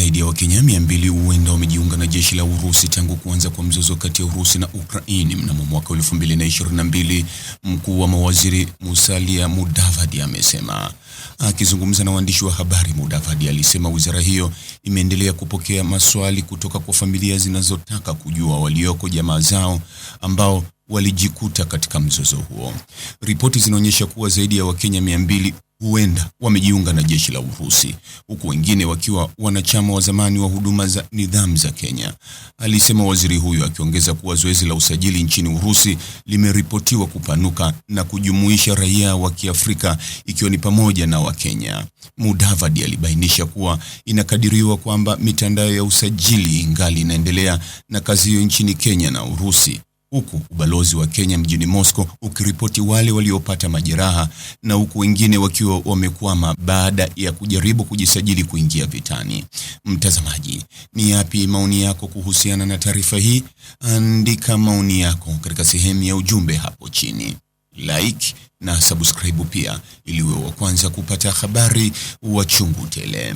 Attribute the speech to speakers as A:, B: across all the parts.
A: Zaidi ya Wakenya 200 huenda wamejiunga na jeshi la Urusi tangu kuanza kwa mzozo kati ya Urusi na Ukraini mnamo mwaka 2022, mkuu wa mawaziri Musalia Mudavadi amesema. Akizungumza na waandishi wa habari, Mudavadi alisema wizara hiyo imeendelea kupokea maswali kutoka kwa familia zinazotaka kujua walioko jamaa zao ambao walijikuta katika mzozo huo. Ripoti zinaonyesha kuwa zaidi ya Wakenya mbili huenda wamejiunga na jeshi la Urusi, huku wengine wakiwa wanachama wa zamani wa huduma za nidhamu za Kenya, alisema waziri huyo, akiongeza kuwa zoezi la usajili nchini Urusi limeripotiwa kupanuka na kujumuisha raia wa Kiafrika ikiwa ni pamoja na Wakenya. Mudavadi alibainisha kuwa inakadiriwa kwamba mitandao ya usajili ingali inaendelea na kazi hiyo nchini Kenya na Urusi huku ubalozi wa Kenya mjini Moscow ukiripoti wale waliopata majeraha na huku wengine wakiwa wamekwama baada ya kujaribu kujisajili kuingia vitani. Mtazamaji, ni yapi maoni yako kuhusiana na taarifa hii? Andika maoni yako katika sehemu ya ujumbe hapo chini. Like na subscribe pia ili uwe wa kwanza kupata habari wa chungu tele.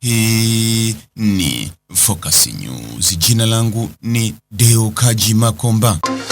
A: Hii News. Jina langu ni Deo Kaji Makomba.